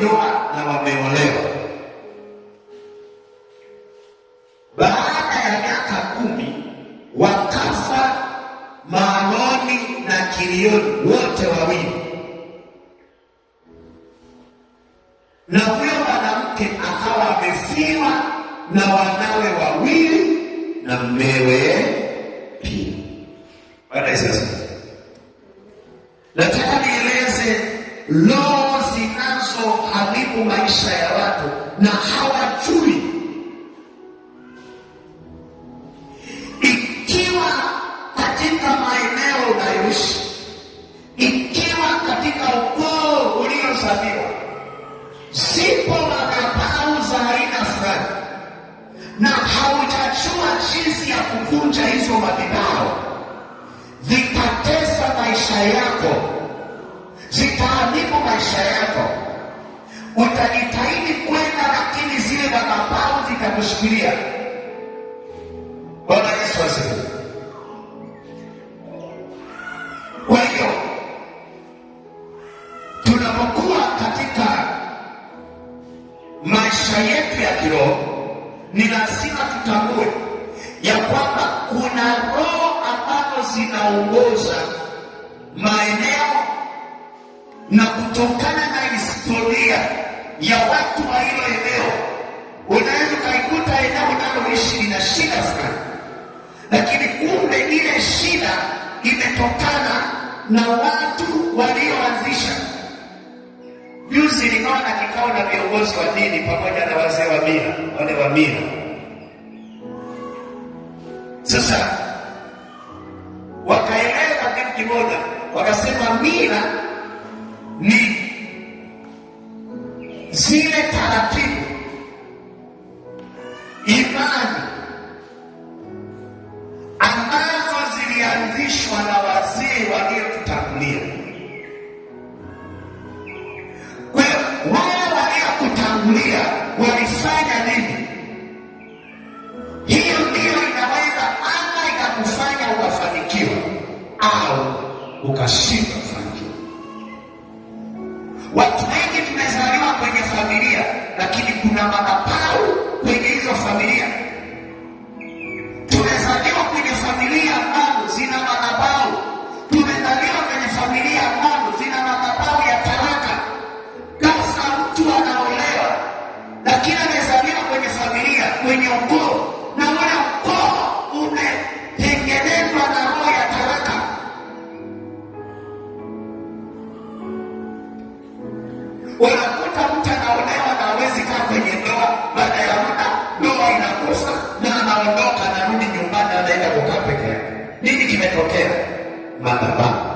ndoa na wameolewa. Baada ya miaka kumi wakafa maanoni na kilioni wote wawili, na huyo mwanamke akawa amefiwa na wanawe wawili na mmewe pia. Baada nataka kuharibu maisha ya watu na hawajui. Ikiwa katika maeneo unayoishi, ikiwa katika ukoo uliozaliwa, zipo madhabahu za aina fulani na haujajua jinsi ya kuvunja hizo madhabahu, zitatesa maisha yako, zitaharibu maisha yako. kushikilia. Bwana Yesu asifiwe. Kwa hiyo tunapokuwa katika maisha yetu ya kiroho, ni lazima tutambue ya kwamba kuna roho ambazo zinaongoza maeneo na kutokana na historia ya watu wa ile ishirini na shida fulani, lakini kumbe ile shida imetokana na watu walioanzisha. Juzi nikawa na kikao na viongozi wa dini pamoja na wazee wa mila, wale wa mila. Sasa wakaeleza kitu kimoja, wakasema mila ni zile taratibu walifundishwa na wazee waliotutangulia. Kwa hiyo waliokutangulia walifanya nini? Hiyo ndiyo inaweza ama ikakufanya ukafanikiwa au ukashindwa kufanikiwa. Watu wengi tumezaliwa kwenye familia, lakini kuna kwenye ukoo na wala ukoo umetengenezwa na roho ya taraka. Wanakuta mtu anaonewa na hawezi kaa kwenye ndoa, baada ya muda ndoa inakosa na anaondoka, anarudi nyumbani, anaenda kukaa peke yake. Nini kimetokea? madhabahu